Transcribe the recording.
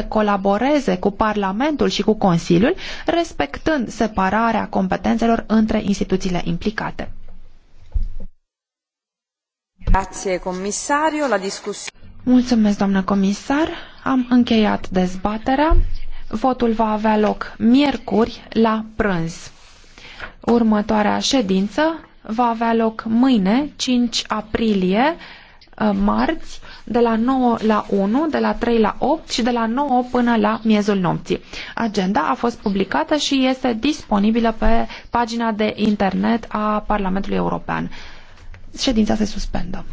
să colaboreze cu Parlamentul și cu Consiliul, respectând separarea competențelor între instituțiile implicate. Grazie, comisario. La Mulțumesc, doamnă comisar. Am încheiat dezbaterea. Votul va avea loc miercuri la prânz. Următoarea ședință va avea loc mâine, 5 aprilie, Uh, marți de la 9 la 1, de la 3 la 8 și de la 9 până la miezul nopții. Agenda a fost publicată și este disponibilă pe pagina de internet a Parlamentului European. Ședința se suspendă.